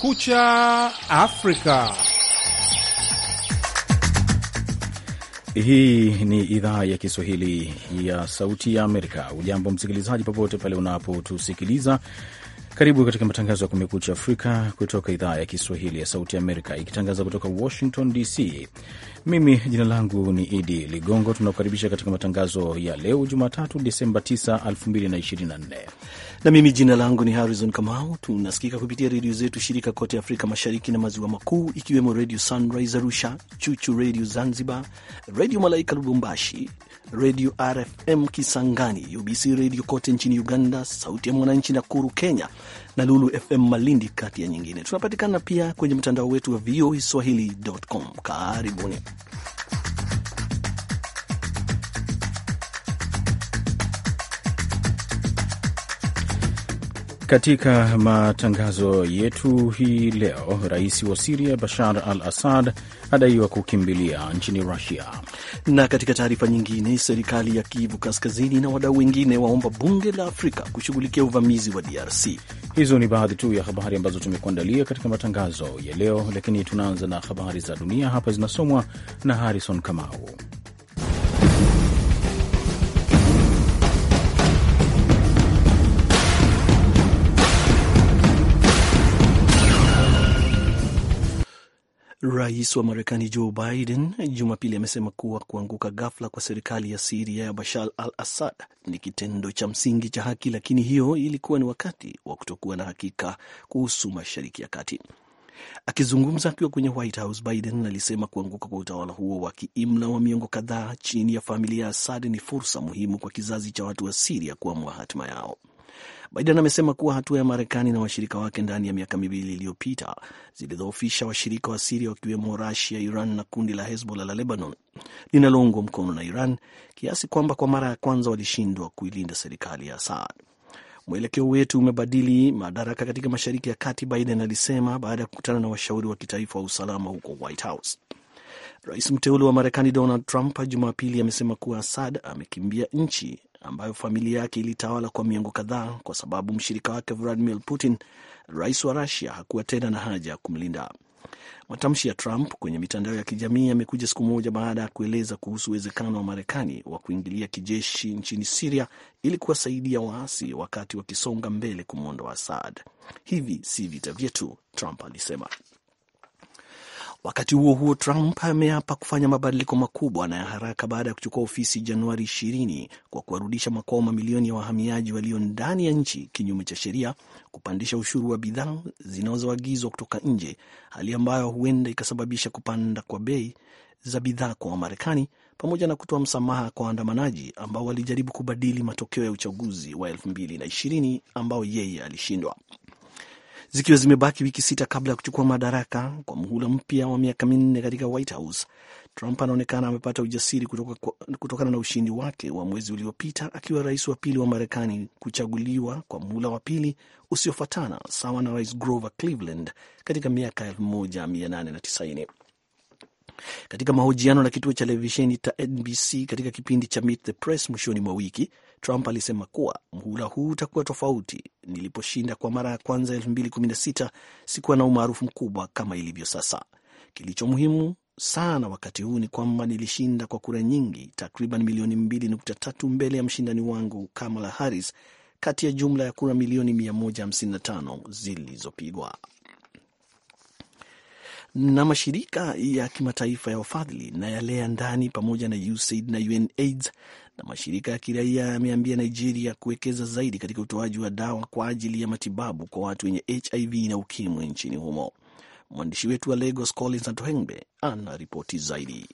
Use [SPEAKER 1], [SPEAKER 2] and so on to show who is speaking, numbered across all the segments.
[SPEAKER 1] Kumekucha Afrika.
[SPEAKER 2] Hii ni idhaa ya Kiswahili ya Sauti ya Amerika. Ujambo msikilizaji, popote pale unapotusikiliza karibu katika matangazo ya Kumekucha Afrika kutoka idhaa ya Kiswahili ya Sauti Amerika, ikitangaza kutoka Washington DC. Mimi jina langu ni Idi Ligongo. Tunakukaribisha katika matangazo ya leo Jumatatu, Desemba 9, 2024 na mimi jina langu ni Harrison
[SPEAKER 3] Kamau. Tunasikika kupitia redio zetu shirika kote Afrika Mashariki na Maziwa Makuu, ikiwemo Redio Sunrise Arusha, Chuchu Redio Zanzibar, Redio Malaika Lubumbashi, Redio RFM Kisangani, UBC Redio kote nchini Uganda, Sauti ya Mwananchi Nakuru Kenya, na Lulu FM Malindi, kati ya nyingine. Tunapatikana pia kwenye mtandao wetu wa VOA Swahili.com. Karibuni.
[SPEAKER 2] Katika matangazo yetu hii leo, rais wa Siria Bashar al Assad adaiwa kukimbilia nchini Rusia. Na katika taarifa nyingine, serikali ya Kivu Kaskazini na wadau wengine waomba bunge la Afrika kushughulikia uvamizi wa DRC. Hizo ni baadhi tu ya habari ambazo tumekuandalia katika matangazo ya leo, lakini tunaanza na habari za dunia hapa zinasomwa na Harrison Kamau.
[SPEAKER 3] Rais wa Marekani Joe Biden Jumapili amesema kuwa kuanguka ghafla kwa serikali ya Siria ya Bashar al Assad ni kitendo cha msingi cha haki, lakini hiyo ilikuwa ni wakati wa kutokuwa na hakika kuhusu Mashariki ya Kati. Akizungumza akiwa kwenye White House, Biden alisema kuanguka kwa utawala huo wa kiimla wa miongo kadhaa chini ya familia ya Assad ni fursa muhimu kwa kizazi cha watu wa Siria kuamua hatima yao. Biden amesema kuwa hatua ya Marekani na washirika wake ndani ya miaka miwili iliyopita zilidhoofisha washirika wa Siria wakiwemo Rusia, Iran na kundi la Hezbollah la Lebanon linaloungwa mkono na Iran kiasi kwamba kwa mara ya kwanza walishindwa kuilinda serikali ya Assad. Mwelekeo wetu umebadili madaraka katika mashariki ya kati, Biden alisema baada ya kukutana na washauri wa kitaifa wa usalama huko White House. Rais mteule wa Marekani Donald Trump Jumapili amesema kuwa Assad amekimbia nchi ambayo familia yake ilitawala kwa miongo kadhaa kwa sababu mshirika wake Vladimir Putin, rais wa Rusia, hakuwa tena na haja ya kumlinda. Matamshi ya Trump kwenye mitandao ya kijamii yamekuja siku moja baada ya kueleza kuhusu uwezekano wa Marekani wa kuingilia kijeshi nchini Siria ili kuwasaidia waasi wakati wakisonga mbele kumwondoa Assad. Hivi si vita vyetu, Trump alisema. Wakati huo huo, Trump ameapa kufanya mabadiliko makubwa na ya haraka baada ya kuchukua ofisi Januari 20 kwa kuwarudisha makwao mamilioni ya wahamiaji walio ndani ya nchi kinyume cha sheria, kupandisha ushuru wa bidhaa zinazoagizwa kutoka nje, hali ambayo huenda ikasababisha kupanda kwa bei za bidhaa kwa Wamarekani, pamoja na kutoa msamaha kwa waandamanaji ambao walijaribu kubadili matokeo ya uchaguzi wa 2020 ambao yeye alishindwa zikiwa zimebaki wiki sita kabla ya kuchukua madaraka kwa muhula mpya wa miaka minne katika White House. Trump anaonekana amepata ujasiri kutoka kutokana na ushindi wake wa mwezi uliopita akiwa rais wa pili wa Marekani kuchaguliwa kwa muhula wa pili usiofuatana sawa na rais Grover Cleveland katika miaka 1890. Katika mahojiano na kituo cha televisheni cha NBC katika kipindi cha Meet the Press mwishoni mwa wiki, Trump alisema kuwa mhula huu utakuwa tofauti. Niliposhinda kwa mara ya kwanza 2016 sikuwa na umaarufu mkubwa kama ilivyo sasa. Kilicho muhimu sana wakati huu ni kwamba nilishinda kwa kura nyingi, takriban milioni 2.3 mbele ya mshindani wangu Kamala Harris, kati ya jumla ya kura milioni 155 zilizopigwa na mashirika ya kimataifa ya ufadhili na yale ya ndani pamoja na USAID na UNAIDS na mashirika ya kiraia yameambia Nigeria kuwekeza zaidi katika utoaji wa dawa kwa ajili ya matibabu kwa watu wenye HIV na ukimwi nchini humo. Mwandishi wetu wa Lagos Collins Atohengbe
[SPEAKER 1] ana ripoti zaidi.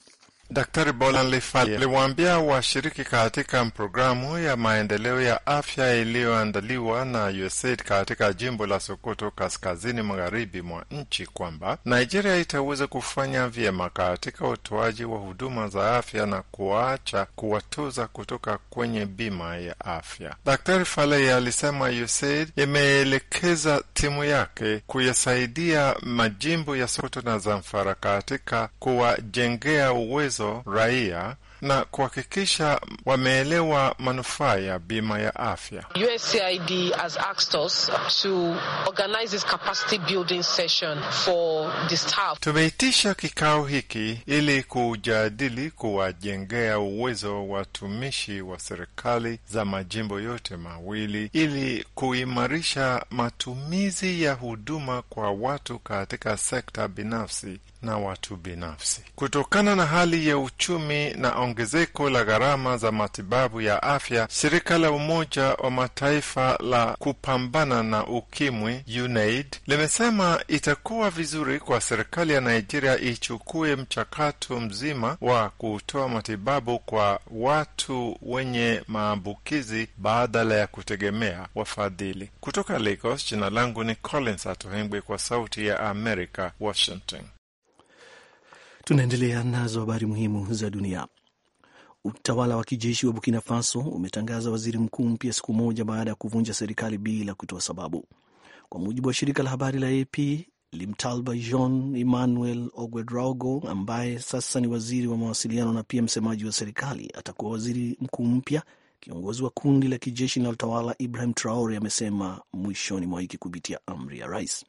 [SPEAKER 1] Daktari Bolan Lifali aliwaambia washiriki katika programu ya maendeleo ya afya iliyoandaliwa na USAID katika jimbo la Sokoto kaskazini magharibi mwa nchi kwamba Nigeria itaweza kufanya vyema katika utoaji wa huduma za afya na kuacha kuwatoza kutoka kwenye bima ya afya. Daktari Falei alisema USAID imeelekeza timu yake kuyasaidia majimbo ya Sokoto na Zamfara katika kuwajengea uwezo hizo raia na kuhakikisha wameelewa manufaa ya bima ya afya.
[SPEAKER 4] USAID has asked us to organize this capacity building session for
[SPEAKER 1] the staff. Tumeitisha kikao hiki ili kujadili kuwajengea uwezo watumishi wa serikali za majimbo yote mawili ili kuimarisha matumizi ya huduma kwa watu katika sekta binafsi na watu binafsi. Kutokana na hali ya uchumi na ongezeko la gharama za matibabu ya afya, shirika la Umoja wa Mataifa la kupambana na ukimwi UNAID limesema itakuwa vizuri kwa serikali ya Nigeria ichukue mchakato mzima wa kutoa matibabu kwa watu wenye maambukizi badala ya kutegemea wafadhili. Kutoka Lagos, jina langu ni Collins Atohengwe, kwa Sauti ya Amerika, Washington.
[SPEAKER 3] Tunaendelea nazo habari muhimu za dunia. Utawala wa kijeshi wa Burkina Faso umetangaza waziri mkuu mpya siku moja baada ya kuvunja serikali bila kutoa sababu, kwa mujibu wa shirika la habari la AP. Limtalba Jean Emmanuel Ogwedraogo, ambaye sasa ni waziri wa mawasiliano na pia msemaji wa serikali, atakuwa waziri mkuu mpya. Kiongozi wa kundi la kijeshi linalotawala Ibrahim Traore amesema mwishoni mwa wiki kupitia amri ya rais.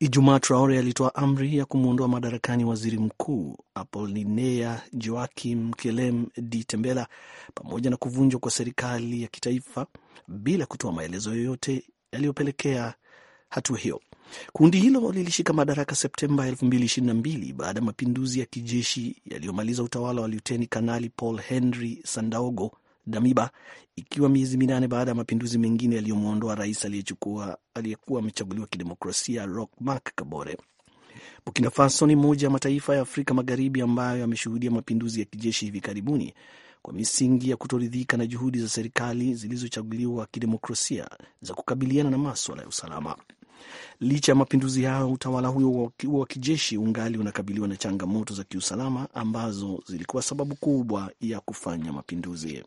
[SPEAKER 3] Ijumaa Traore alitoa amri ya kumwondoa madarakani waziri mkuu apolinea Joaquim Kelem di Tembela pamoja na kuvunjwa kwa serikali ya kitaifa bila kutoa maelezo yoyote yaliyopelekea hatua hiyo. Kundi hilo lilishika madaraka Septemba 2022 baada ya mapinduzi ya kijeshi yaliyomaliza utawala wa luteni kanali Paul Henry Sandaogo Damiba, ikiwa miezi minane baada ya mapinduzi mengine yaliyomwondoa rais aliyekuwa amechaguliwa kidemokrasia Roch Marc Kabore. Burkina Faso ni moja ya mataifa ya Afrika Magharibi ambayo yameshuhudia mapinduzi ya kijeshi hivi karibuni kwa misingi ya kutoridhika na juhudi za serikali zilizochaguliwa kidemokrasia za kukabiliana na maswala ya usalama. Licha ya mapinduzi hayo, utawala huo wa kijeshi ungali unakabiliwa na changamoto za kiusalama ambazo zilikuwa sababu kubwa ya kufanya mapinduzi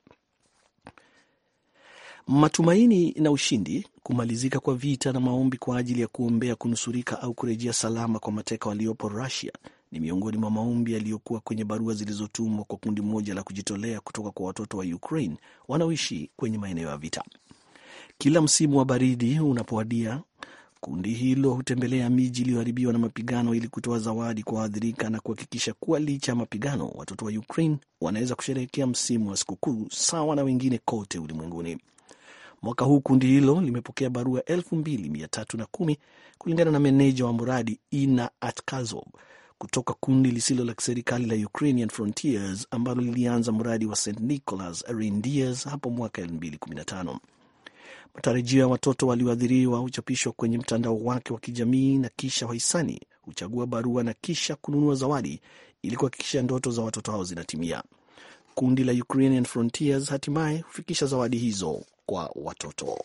[SPEAKER 3] matumaini na ushindi, kumalizika kwa vita na maombi kwa ajili ya kuombea kunusurika au kurejea salama kwa mateka waliopo Russia ni miongoni mwa maombi yaliyokuwa kwenye barua zilizotumwa kwa kundi moja la kujitolea kutoka kwa watoto wa Ukraine wanaoishi kwenye maeneo ya vita. Kila msimu wa baridi unapowadia, kundi hilo hutembelea miji iliyoharibiwa na mapigano ili kutoa zawadi kwa waathirika na kuhakikisha kuwa licha ya mapigano, watoto wa Ukraine wanaweza kusherehekea msimu wa sikukuu sawa na wengine kote ulimwenguni. Mwaka huu kundi hilo limepokea barua elfu mbili mia tatu na kumi kulingana na meneja wa mradi Ina Atkazov kutoka kundi lisilo la kiserikali la Ukrainian Frontiers ambalo lilianza mradi wa St Nicholas Reindeers hapo mwaka 2015. Matarajio ya watoto walioathiriwa huchapishwa kwenye mtandao wake wa kijamii na kisha wahisani huchagua barua na kisha kununua zawadi ili kuhakikisha ndoto za watoto hao zinatimia. Kundi la Ukrainian Frontiers hatimaye hufikisha zawadi hizo kwa watoto.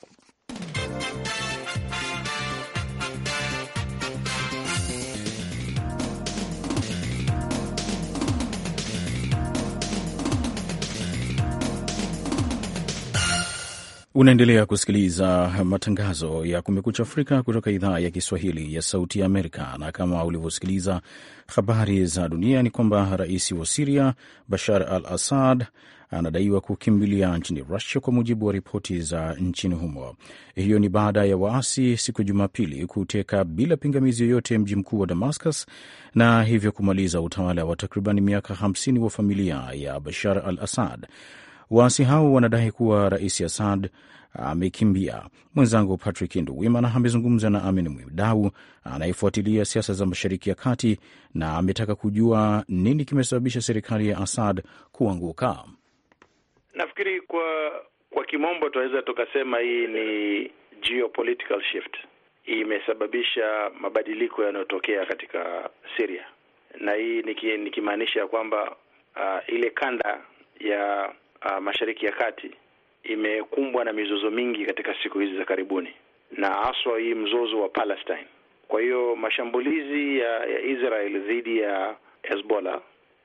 [SPEAKER 2] Unaendelea kusikiliza matangazo ya Kumekucha Afrika kutoka idhaa ya Kiswahili ya Sauti ya Amerika, na kama ulivyosikiliza habari za dunia ni kwamba rais wa Siria Bashar al Assad anadaiwa kukimbilia nchini Rusia kwa mujibu wa ripoti za nchini humo. Hiyo ni baada ya waasi siku ya Jumapili kuteka bila pingamizi yoyote mji mkuu wa Damascus na hivyo kumaliza utawala wa takriban miaka 50 wa familia ya Bashar al Assad. Waasi hao wanadai kuwa Rais Assad amekimbia. Mwenzangu Patrick Nduwimana amezungumza na Amin Mwidau anayefuatilia siasa za Mashariki ya Kati na ametaka kujua nini kimesababisha serikali ya Assad kuanguka.
[SPEAKER 5] Nafikiri kwa kwa kimombo tunaweza tukasema hii ni geopolitical shift, imesababisha mabadiliko yanayotokea katika Syria, na hii nikimaanisha niki ya kwamba uh, ile kanda ya uh, Mashariki ya Kati imekumbwa na mizozo mingi katika siku hizi za karibuni, na haswa hii mzozo wa Palestine. Kwa hiyo mashambulizi ya, ya Israel dhidi ya Hezbollah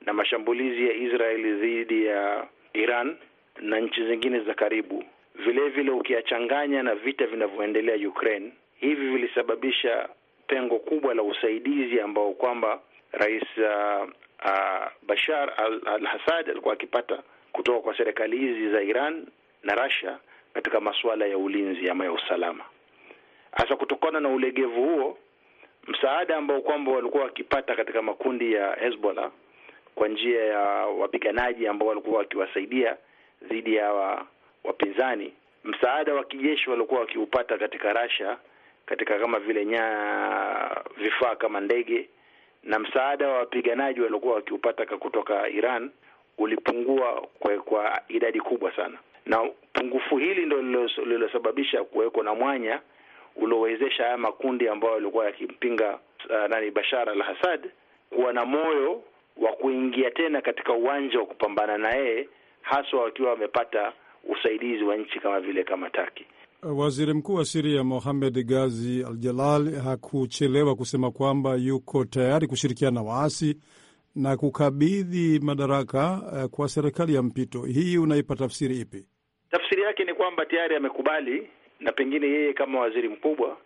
[SPEAKER 5] na mashambulizi ya Israel dhidi ya Iran na nchi zingine za karibu, vile vile ukiyachanganya na vita vinavyoendelea Ukraine, hivi vilisababisha pengo kubwa la usaidizi ambao kwamba Rais uh, uh, Bashar al-Assad al alikuwa akipata kutoka kwa serikali hizi za Iran na Russia katika masuala ya ulinzi ama ya usalama. Hasa kutokana na ulegevu huo, msaada ambao kwamba walikuwa wakipata katika makundi ya Hezbollah kwa njia ya wapiganaji ambao walikuwa wakiwasaidia dhidi ya wa, wapinzani, msaada wa kijeshi walikuwa wakiupata katika Russia katika kama vile nya vifaa kama ndege na msaada wa wapiganaji waliokuwa wakiupata kutoka Iran ulipungua kwa, kwa idadi kubwa sana, na pungufu hili ndo lililosababisha kuweko na mwanya uliowezesha haya makundi ambayo yalikuwa yakimpinga uh, nani Bashar al-Assad kuwa na moyo wa kuingia tena katika uwanja wa kupambana na yeye, haswa wakiwa wamepata usaidizi wa nchi kama vile kama taki
[SPEAKER 6] uh, Waziri Mkuu wa Siria Mohamed Gazi al-Jalal hakuchelewa kusema kwamba yuko tayari kushirikiana na waasi na kukabidhi madaraka uh, kwa serikali ya mpito. Hii unaipa tafsiri ipi?
[SPEAKER 5] Tafsiri yake ni kwamba tayari amekubali, na pengine yeye kama waziri mkubwa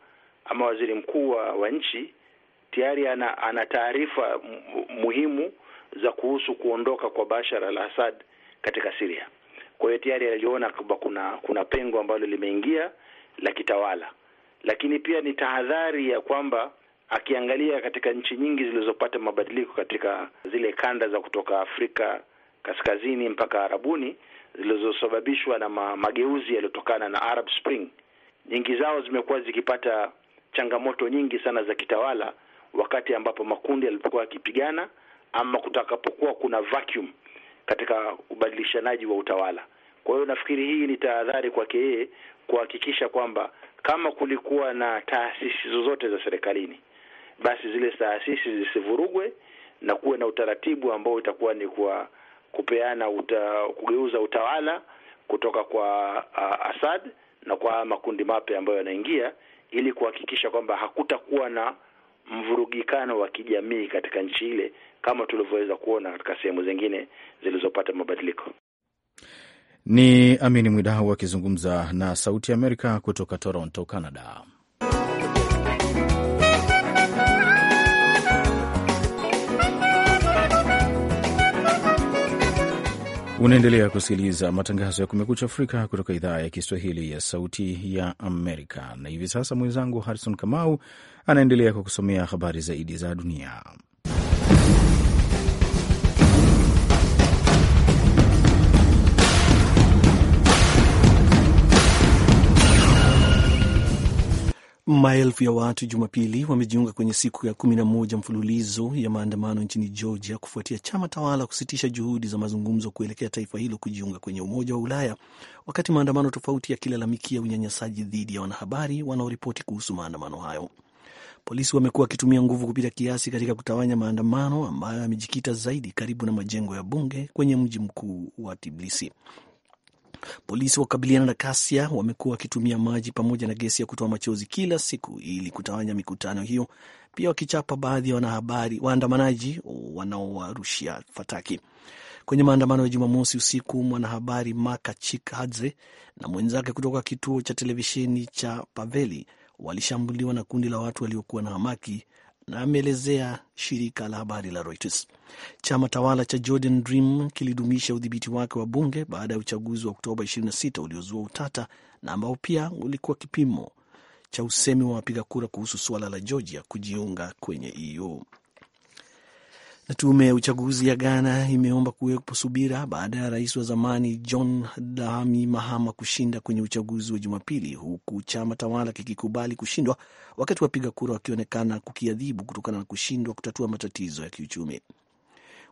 [SPEAKER 5] ama waziri mkuu wa nchi tayari ana, ana taarifa muhimu za kuhusu kuondoka kwa Bashar al-Assad katika Syria. Kwa hiyo tayari aliona kwamba kuna kuna pengo ambalo limeingia la kitawala, lakini pia ni tahadhari ya kwamba akiangalia katika nchi nyingi zilizopata mabadiliko katika zile kanda za kutoka Afrika kaskazini mpaka Arabuni zilizosababishwa na ma, mageuzi yaliyotokana na Arab Spring, nyingi zao zimekuwa zikipata changamoto nyingi sana za kitawala, wakati ambapo makundi yalipokuwa yakipigana ama kutakapokuwa kuna vacuum katika ubadilishanaji wa utawala. Kwa hiyo nafikiri hii ni tahadhari kwake yeye kuhakikisha kwamba kama kulikuwa na taasisi zozote za serikalini basi zile taasisi zisivurugwe na kuwe na utaratibu ambao itakuwa ni kwa kupeana uta, kugeuza utawala kutoka kwa uh, Assad na kwa makundi mapya ambayo yanaingia ili kuhakikisha kwamba hakutakuwa na mvurugikano wa kijamii katika nchi ile kama tulivyoweza kuona katika sehemu zingine zilizopata mabadiliko. Ni
[SPEAKER 2] Amini Mwidau akizungumza na Sauti ya Amerika kutoka Toronto, Canada. Unaendelea kusikiliza matangazo ya Kumekucha Afrika kutoka idhaa ya Kiswahili ya Sauti ya Amerika, na hivi sasa mwenzangu Harrison Kamau anaendelea kwa kusomea habari zaidi za dunia.
[SPEAKER 3] Maelfu ya watu Jumapili wamejiunga kwenye siku ya kumi na moja mfululizo ya maandamano nchini Georgia kufuatia chama tawala kusitisha juhudi za mazungumzo kuelekea taifa hilo kujiunga kwenye Umoja wa Ulaya, wakati maandamano tofauti yakilalamikia unyanyasaji dhidi ya wanahabari wanaoripoti kuhusu maandamano hayo. Polisi wamekuwa wakitumia nguvu kupita kiasi katika kutawanya maandamano ambayo yamejikita zaidi karibu na majengo ya bunge kwenye mji mkuu wa Tbilisi. Polisi wakabiliana na kasia wamekuwa wakitumia maji pamoja na gesi ya kutoa machozi kila siku ili kutawanya mikutano hiyo, pia wakichapa baadhi ya wanahabari waandamanaji wanaowarushia fataki. Kwenye maandamano ya Jumamosi usiku, mwanahabari Maka Chik Hadze na mwenzake kutoka kituo cha televisheni cha Paveli walishambuliwa na kundi la watu waliokuwa na hamaki na ameelezea shirika la habari la Reuters. Chama tawala cha Jordan Dream kilidumisha udhibiti wake wa bunge baada ya uchaguzi wa Oktoba 26 uliozua utata na ambao pia ulikuwa kipimo cha usemi wa wapiga kura kuhusu suala la Georgia kujiunga kwenye EU. Na tume ya uchaguzi ya Ghana imeomba kuwepo subira baada ya rais wa zamani John Dramani Mahama kushinda kwenye uchaguzi wa Jumapili, huku chama tawala kikikubali kushindwa, wakati wapiga kura wakionekana kukiadhibu kutokana na kushindwa kutatua matatizo ya kiuchumi.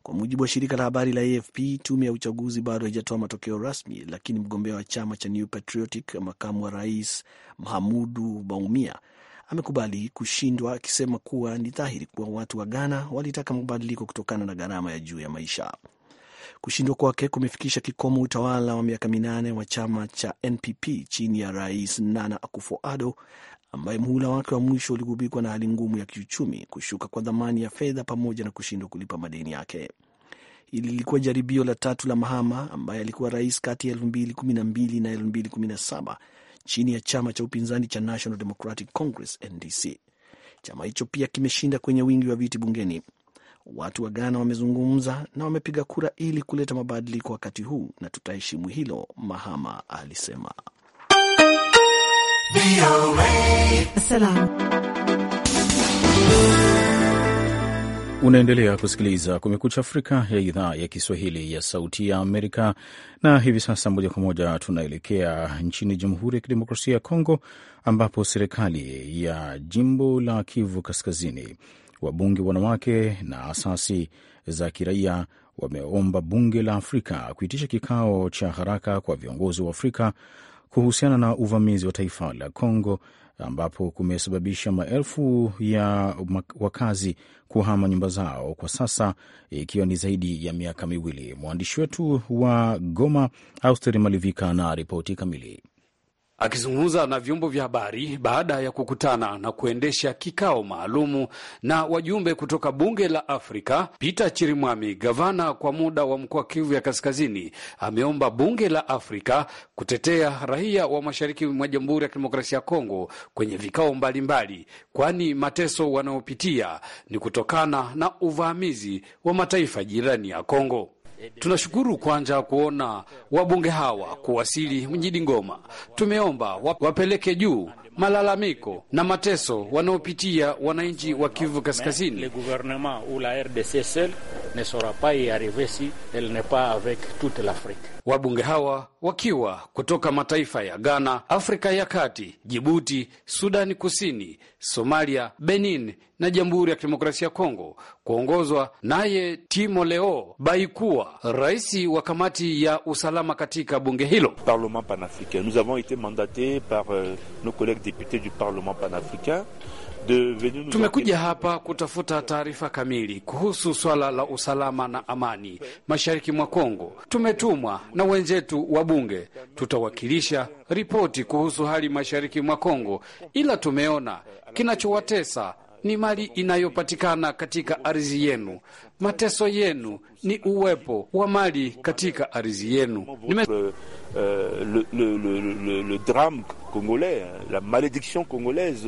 [SPEAKER 3] Kwa mujibu wa shirika la habari la AFP, tume ya uchaguzi bado haijatoa matokeo rasmi, lakini mgombea wa chama cha New Patriotic, makamu wa rais Mahamudu Baumia amekubali kushindwa, akisema kuwa ni dhahiri kuwa watu wa Ghana walitaka mabadiliko kutokana na gharama ya juu ya maisha. Kushindwa kwake kumefikisha kikomo utawala wa miaka minane wa chama cha NPP chini ya Rais Nana Akufo-Addo ambaye muhula wake wa mwisho uligubikwa na hali ngumu ya kiuchumi, kushuka kwa dhamani ya fedha, pamoja na kushindwa kulipa madeni yake. Hili lilikuwa jaribio la tatu la Mahama ambaye alikuwa rais kati ya 2012 na 2017 chini ya chama cha upinzani cha National Democratic Congress NDC. Chama hicho pia kimeshinda kwenye wingi wa viti bungeni. Watu wa Ghana wamezungumza na wamepiga kura ili kuleta mabadiliko wakati huu, na tutaheshimu hilo, Mahama alisema. Salam.
[SPEAKER 2] Unaendelea kusikiliza Kumekucha Afrika ya idhaa ya Kiswahili ya Sauti ya Amerika, na hivi sasa moja kwa moja tunaelekea nchini Jamhuri ya Kidemokrasia ya Kongo, ambapo serikali ya jimbo la Kivu Kaskazini, wabunge wanawake na asasi za kiraia wameomba bunge la Afrika kuitisha kikao cha haraka kwa viongozi wa Afrika kuhusiana na uvamizi wa taifa la Kongo ambapo kumesababisha maelfu ya wakazi kuhama nyumba zao kwa sasa, ikiwa ni zaidi ya miaka miwili. Mwandishi wetu wa Goma, Austeri Malivika, na ripoti kamili.
[SPEAKER 6] Akizungumza na vyombo vya habari baada ya kukutana na kuendesha kikao maalumu na wajumbe kutoka bunge la Afrika, Peter Chirimwami, gavana kwa muda wa mkoa Kivu ya Kaskazini, ameomba bunge la Afrika kutetea raia wa mashariki mwa Jamhuri ya Kidemokrasia ya Kongo kwenye vikao mbalimbali, kwani mateso wanayopitia ni kutokana na uvamizi wa mataifa jirani ya Kongo. Tunashukuru kwanza kuona wabunge hawa kuwasili mjini Ngoma. Tumeomba wapeleke juu malalamiko na mateso wanaopitia wananchi wa Kivu Kaskazini ne sera pas y arriver si elle n'est pas avec toute l'Afrique. Wabunge hawa wakiwa kutoka mataifa ya Ghana, Afrika ya Kati, Jibuti, Sudani Kusini, Somalia, Benin na Jamhuri ya Kidemokrasia ya Kongo, kuongozwa naye Timo Leo Baikuwa, rais wa kamati ya usalama katika bunge hilo. Parlement panafricain nous avons été mandatés par euh, nos collègues députés du Parlement panafricain Tumekuja hapa kutafuta taarifa kamili kuhusu swala la usalama na amani mashariki mwa Kongo. Tumetumwa na wenzetu wa bunge, tutawakilisha ripoti kuhusu hali mashariki mwa Kongo, ila tumeona kinachowatesa ni mali inayopatikana katika ardhi yenu. Mateso yenu ni uwepo wa mali katika ardhi yenu. Nime... Le, le, le, le, le drame congolais, la malédiction congolaise,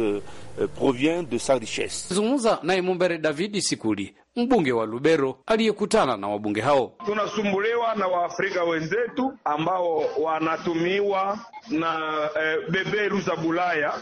[SPEAKER 6] provient de sa richesse. Zungumza naye Mumbere Davidi Sikuli mbunge wa Lubero aliyekutana na wabunge hao.
[SPEAKER 5] Tunasumbuliwa na Waafrika wenzetu ambao wanatumiwa na e, beberu za Bulaya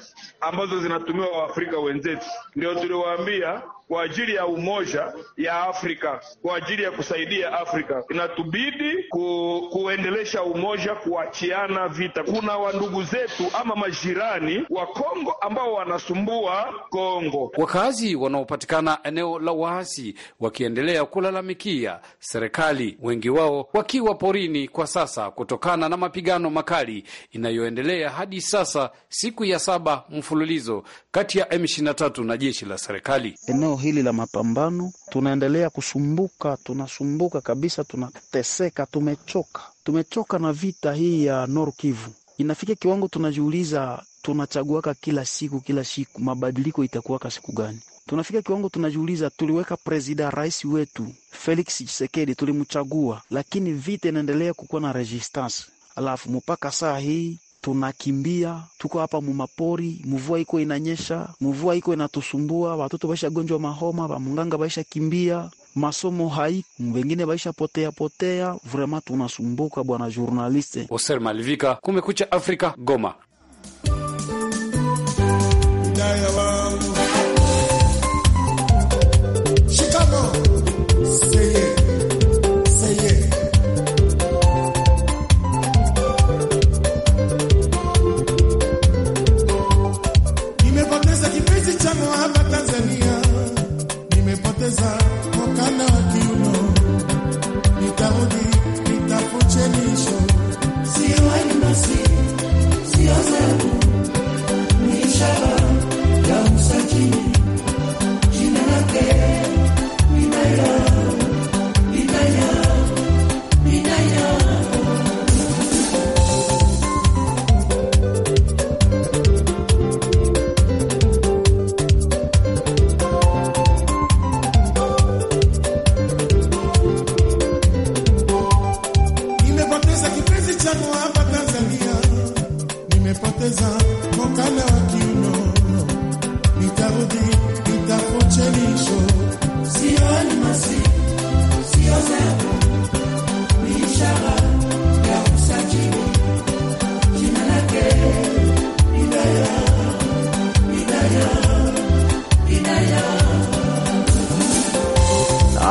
[SPEAKER 5] ambazo zinatumiwa Waafrika wenzetu. Ndio tuliwaambia kwa ajili ya umoja ya Afrika, kwa ajili ya kusaidia Afrika inatubidi ku, kuendelesha umoja, kuachiana
[SPEAKER 6] vita. Kuna wandugu zetu ama majirani wa Kongo ambao wanasumbua Kongo. Wakazi wanaopatikana eneo la waasi wakiendelea kulalamikia serikali, wengi wao wakiwa porini kwa sasa kutokana na mapigano makali inayoendelea hadi sasa, siku ya saba mfululizo kati ya M23 na jeshi la serikali.
[SPEAKER 3] Eneo hili la mapambano tunaendelea kusumbuka, tunasumbuka kabisa, tunateseka, tumechoka, tumechoka na vita hii ya Nord Kivu. Inafika kiwango tunajiuliza tunachaguaka kila siku kila siku, mabadiliko itakuwaka siku gani? tunafika kiwango tunajiuliza, tuliweka presida rais wetu Felix Chisekedi, tulimchagua, lakini vita inaendelea kukuwa na resistance, alafu mpaka saa hii tunakimbia tuko hapa mumapori, mvua iko inanyesha, mvua iko inatusumbua, watoto waisha gonjwa mahoma, bamunganga waisha kimbia, masomo hai wengine waisha potea potea, vrema tunasumbuka bwana journaliste.
[SPEAKER 6] Oser Malvika, Kumekucha Afrika, Goma.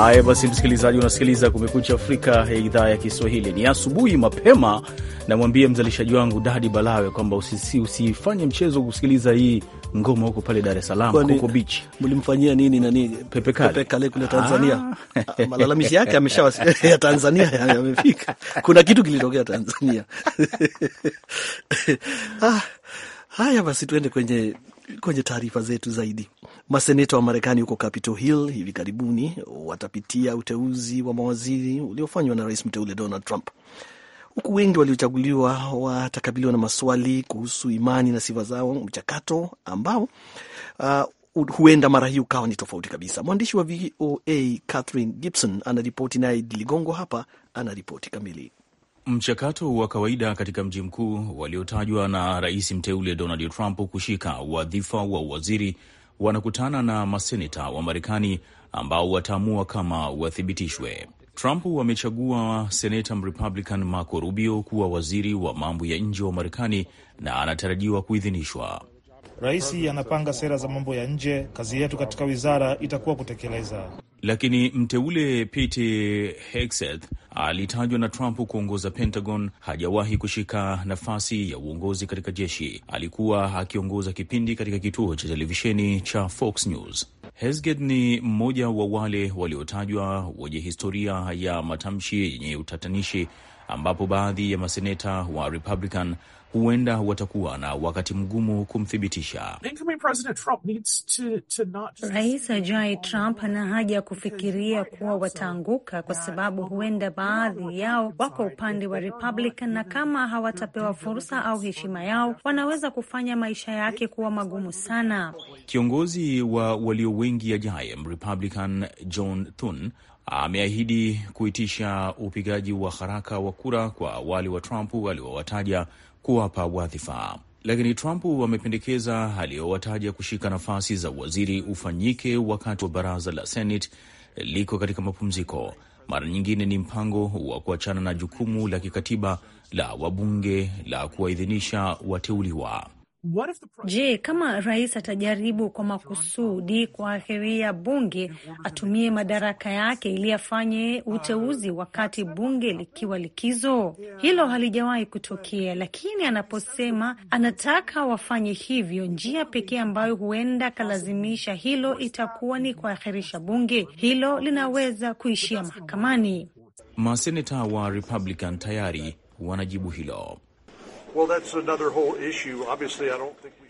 [SPEAKER 2] Haya basi, msikilizaji, unasikiliza Kumekucha Afrika ya idhaa ya Kiswahili. Ni asubuhi mapema, namwambia mzalishaji wangu Dadi Balawe kwamba usifanye mchezo kusikiliza hii ngoma huko pale Dar es Salaam, huko bichi.
[SPEAKER 3] Mlimfanyia nini na Pepe Kale, Pepe Kale kule Tanzania. Ah. malalamishi yake ameshawasikia ya Tanzania yamefika, kuna kitu kilitokea Tanzania. ah. Haya basi, tuende kwenye kwenye taarifa zetu zaidi, maseneta wa Marekani huko Capitol Hill hivi karibuni watapitia uteuzi wa mawaziri uliofanywa na rais mteule Donald Trump, huku wengi waliochaguliwa watakabiliwa na maswali kuhusu imani na sifa zao, mchakato ambao uh, huenda mara hii ukawa ni tofauti kabisa. Mwandishi wa VOA Catherine Gibson anaripoti, naye Idi Ligongo hapa anaripoti kamili.
[SPEAKER 2] Mchakato wa kawaida katika mji mkuu waliotajwa na rais mteule Donald Trump kushika wadhifa wa uwaziri wanakutana na maseneta wa Marekani ambao wataamua kama wathibitishwe. Trump wamechagua seneta Mrepublican Marco Rubio kuwa waziri wa mambo ya nje wa Marekani na anatarajiwa kuidhinishwa.
[SPEAKER 4] Rais anapanga sera za mambo ya nje, kazi yetu katika wizara itakuwa kutekeleza.
[SPEAKER 2] Lakini mteule Pete Hegseth alitajwa na Trump kuongoza Pentagon, hajawahi kushika nafasi ya uongozi katika jeshi. Alikuwa akiongoza kipindi katika kituo cha televisheni cha Fox News. Hesget ni mmoja wa wale waliotajwa wenye historia ya matamshi yenye utatanishi, ambapo baadhi ya maseneta wa Republican huenda watakuwa na wakati mgumu kumthibitisha.
[SPEAKER 7] Rais ajai Trump ana haja ya kufikiria kuwa wataanguka, kwa sababu huenda baadhi yao wako upande wa Republican, na kama hawatapewa fursa au heshima yao, wanaweza kufanya maisha yake kuwa magumu sana.
[SPEAKER 2] Kiongozi wa walio wengi ajaye Republican John Thune ameahidi kuitisha upigaji wa haraka wa kura kwa wale wa Trump aliowataja kuwapa wadhifa, lakini Trump amependekeza aliyowataja kushika nafasi za waziri ufanyike wakati wa baraza la Senate liko katika mapumziko. Mara nyingine ni mpango wa kuachana na jukumu la kikatiba la wabunge la kuwaidhinisha wateuliwa.
[SPEAKER 7] Je, kama rais atajaribu kwa makusudi kuahiria bunge, atumie madaraka yake ili afanye uteuzi wakati bunge likiwa likizo? Hilo halijawahi kutokea, lakini anaposema anataka wafanye hivyo, njia pekee ambayo huenda akalazimisha hilo itakuwa ni kuahirisha bunge. Hilo linaweza kuishia mahakamani.
[SPEAKER 2] Maseneta wa Republican tayari wanajibu hilo.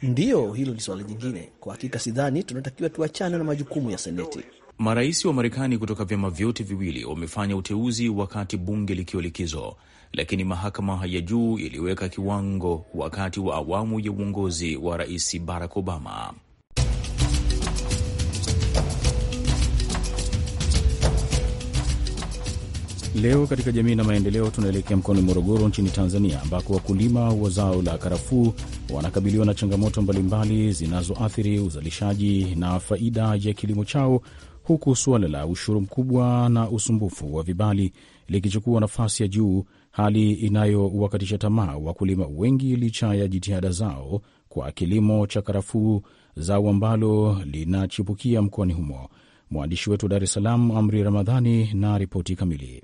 [SPEAKER 3] Ndiyo, hilo ni swala jingine. Kwa hakika sidhani tunatakiwa tuachane na majukumu ya Seneti.
[SPEAKER 2] Marais wa Marekani kutoka vyama vyote viwili wamefanya uteuzi wakati bunge likiwa likizo, lakini mahakama ya juu iliweka kiwango wakati wa awamu ya uongozi wa Rais Barack Obama. Leo katika jamii na maendeleo, tunaelekea mkoani Morogoro nchini Tanzania, ambako wakulima wa zao la karafuu wanakabiliwa na changamoto mbalimbali zinazoathiri uzalishaji na faida ya kilimo chao, huku suala la ushuru mkubwa na usumbufu wa vibali likichukua nafasi ya juu, hali inayowakatisha tamaa wakulima wengi licha ya jitihada zao kwa kilimo cha karafuu, zao ambalo linachipukia mkoani humo. Mwandishi wetu wa Dar es Salaam, Amri Ramadhani, na ripoti kamili.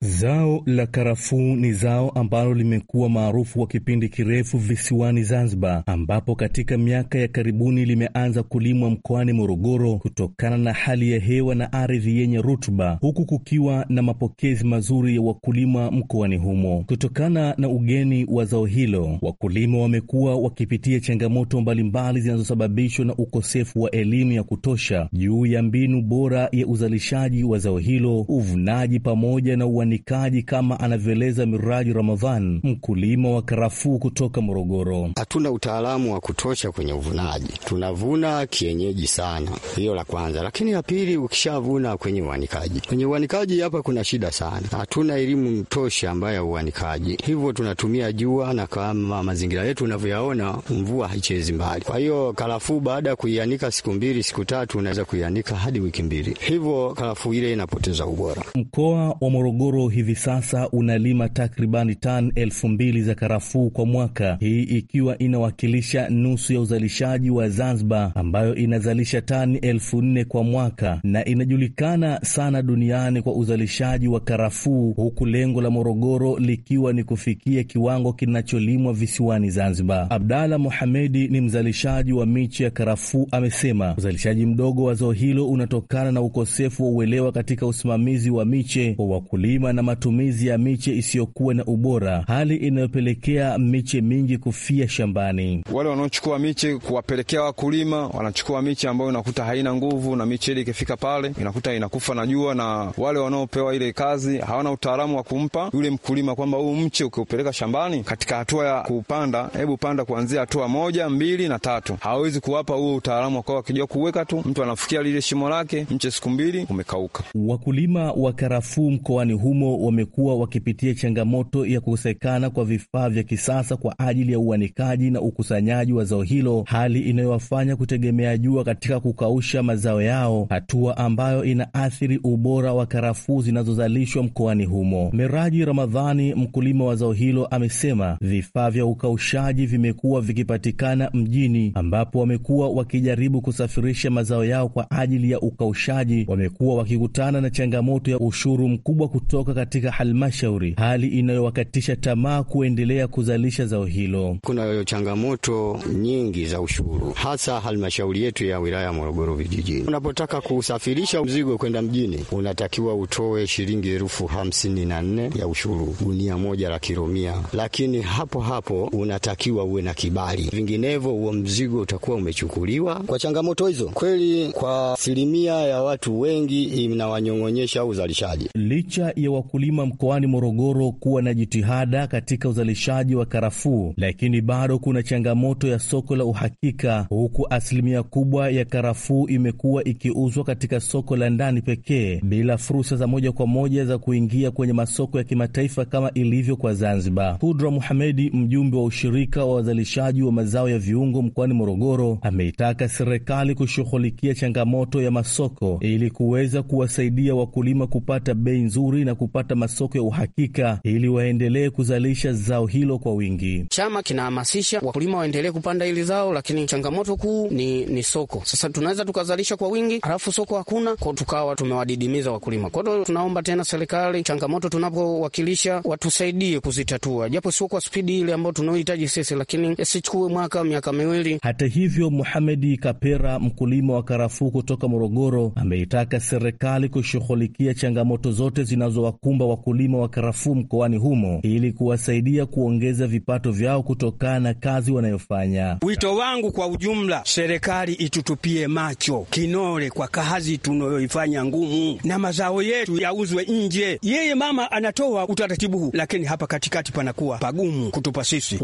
[SPEAKER 4] Zao la karafuu ni zao ambalo limekuwa maarufu kwa kipindi kirefu visiwani Zanzibar, ambapo katika miaka ya karibuni limeanza kulimwa mkoani Morogoro kutokana na hali ya hewa na ardhi yenye rutuba, huku kukiwa na mapokezi mazuri ya wakulima mkoani humo. Kutokana na ugeni wa zao hilo, wakulima wamekuwa wakipitia changamoto mbalimbali zinazosababishwa na ukosefu wa elimu ya kutosha juu ya mbinu bora ya uzalishaji wa zao hilo, uvunaji pamoja na uanikaji, kama anavyoeleza Miraji Ramadhan, mkulima wa karafuu kutoka Morogoro.
[SPEAKER 7] Hatuna utaalamu wa kutosha kwenye uvunaji, tunavuna kienyeji sana, hiyo la kwanza. Lakini la pili, ukishavuna kwenye uanikaji, kwenye uanikaji hapa kuna shida sana, hatuna elimu tosha ambayo ya uanikaji, hivyo tunatumia jua, na kama mazingira yetu unavyoyaona, mvua haichezi mbali. Kwa hiyo karafuu baada ya kuianika siku mbili siku tatu, unaweza kuianika hadi wiki mbili, hivyo karafuu ile inapoteza ubora.
[SPEAKER 4] Mkoa wa Morogoro Morogoro hivi sasa unalima takribani tani elfu mbili za karafuu kwa mwaka, hii ikiwa inawakilisha nusu ya uzalishaji wa Zanzibar ambayo inazalisha tani elfu nne kwa mwaka na inajulikana sana duniani kwa uzalishaji wa karafuu, huku lengo la Morogoro likiwa ni kufikia kiwango kinacholimwa visiwani Zanzibar. Abdalla Mohamedi ni mzalishaji wa miche ya karafuu, amesema uzalishaji mdogo wa zao hilo unatokana na ukosefu wa uelewa katika usimamizi wa miche kwa wakulima kulima na matumizi ya miche isiyokuwa na ubora, hali inayopelekea miche mingi kufia shambani. Wale wanaochukua miche kuwapelekea wakulima, wanachukua miche ambayo inakuta haina nguvu, na miche ile ikifika pale inakuta inakufa na jua, na wale wanaopewa ile kazi hawana utaalamu wa kumpa yule mkulima kwamba huu mche ukiupeleka shambani katika hatua ya kuupanda, hebu panda kuanzia hatua moja, mbili na tatu. Hawawezi kuwapa huo utaalamu wakawa wakijua kuweka tu, mtu anafikia lile shimo lake, mche siku mbili umekauka. Wakulima wa karafuu mkoani humo wamekuwa wakipitia changamoto ya kukosekana kwa vifaa vya kisasa kwa ajili ya uanikaji na ukusanyaji wa zao hilo, hali inayowafanya kutegemea jua katika kukausha mazao yao, hatua ambayo inaathiri ubora wa karafuu zinazozalishwa mkoani humo. Meraji Ramadhani, mkulima wa zao hilo, amesema vifaa vya ukaushaji vimekuwa vikipatikana mjini, ambapo wamekuwa wakijaribu kusafirisha mazao yao kwa ajili ya ukaushaji, wamekuwa wakikutana na changamoto ya ushuru mkubwa kutoka kutoka katika halmashauri, hali inayowakatisha tamaa kuendelea kuzalisha zao
[SPEAKER 7] hilo. Kuna changamoto nyingi za ushuru, hasa halmashauri yetu ya wilaya Morogoro vijijini. Unapotaka kusafirisha mzigo kwenda mjini, unatakiwa utoe shilingi elfu hamsini na nne ya ushuru gunia moja la kilo mia, lakini hapo hapo unatakiwa uwe na kibali, vinginevyo huo mzigo utakuwa umechukuliwa. Kwa changamoto hizo kweli, kwa asilimia ya watu wengi inawanyong'onyesha uzalishaji
[SPEAKER 4] licha ya wakulima mkoani Morogoro kuwa na jitihada katika uzalishaji wa karafuu, lakini bado kuna changamoto ya soko la uhakika, huku asilimia kubwa ya karafuu imekuwa ikiuzwa katika soko la ndani pekee bila fursa za moja kwa moja za kuingia kwenye masoko ya kimataifa kama ilivyo kwa Zanzibar. Kudra Muhamedi, mjumbe wa ushirika wa wazalishaji wa mazao ya viungo mkoani Morogoro, ameitaka serikali kushughulikia changamoto ya masoko ili kuweza kuwasaidia wakulima kupata bei nzuri na ku kupata masoko ya uhakika ili waendelee kuzalisha zao hilo kwa wingi.
[SPEAKER 7] Chama kinahamasisha wakulima waendelee kupanda hili zao, lakini changamoto kuu ni, ni soko. Sasa tunaweza tukazalisha kwa wingi halafu soko hakuna, kwa tukawa tumewadidimiza wakulima. Kwa hiyo tunaomba tena serikali, changamoto tunapowakilisha watusaidie kuzitatua, japo sio kwa spidi ile ambayo tunaohitaji sisi, lakini sichukue mwaka, miaka miwili.
[SPEAKER 4] Hata hivyo, Muhamedi Kapera, mkulima wa karafuu kutoka Morogoro, ameitaka serikali kushughulikia changamoto zote zinazo yanayowakumba wakulima wa karafuu mkoani humo ili kuwasaidia kuongeza vipato vyao kutokana na kazi wanayofanya. Wito wangu kwa ujumla, serikali itutupie macho kinole kwa kazi tunayoifanya ngumu, na mazao yetu yauzwe nje. Yeye mama anatoa utaratibu huu, lakini hapa katikati panakuwa pagumu kutupa sisi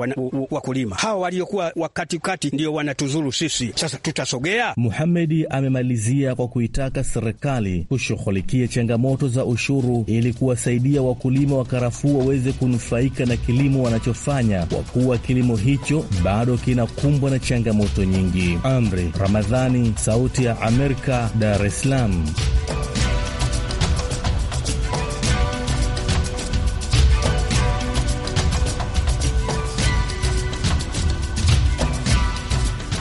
[SPEAKER 4] wakulima. Hawa waliokuwa wakatikati ndio wanatuzuru sisi, sasa tutasogea? Muhamedi amemalizia kwa kuitaka serikali kushughulikia changamoto za ushuru ili ili kuwasaidia wakulima wa karafuu waweze kunufaika na kilimo wanachofanya, kwa kuwa kilimo hicho bado kinakumbwa na changamoto nyingi. Amri Ramadhani, Sauti ya Amerika, Dar es Salaam.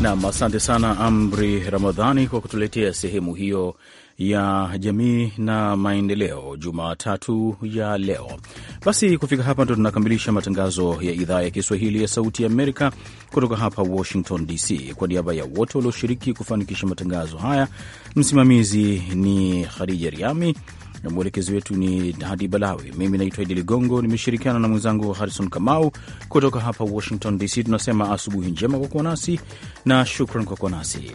[SPEAKER 2] Nam, asante sana Amri Ramadhani kwa kutuletea sehemu hiyo ya jamii na maendeleo Jumatatu ya leo. Basi kufika hapa ndo tunakamilisha matangazo ya idhaa ya Kiswahili ya Sauti ya Amerika kutoka hapa Washington DC. Kwa niaba ya wote walioshiriki kufanikisha matangazo haya, msimamizi ni Khadija Riami na mwelekezi wetu ni Hadi Balawi. Mimi naitwa Idi Ligongo, nimeshirikiana na mwenzangu Harrison Kamau kutoka hapa Washington DC. Tunasema asubuhi njema kwa kuwa nasi na shukran kwa kuwa nasi.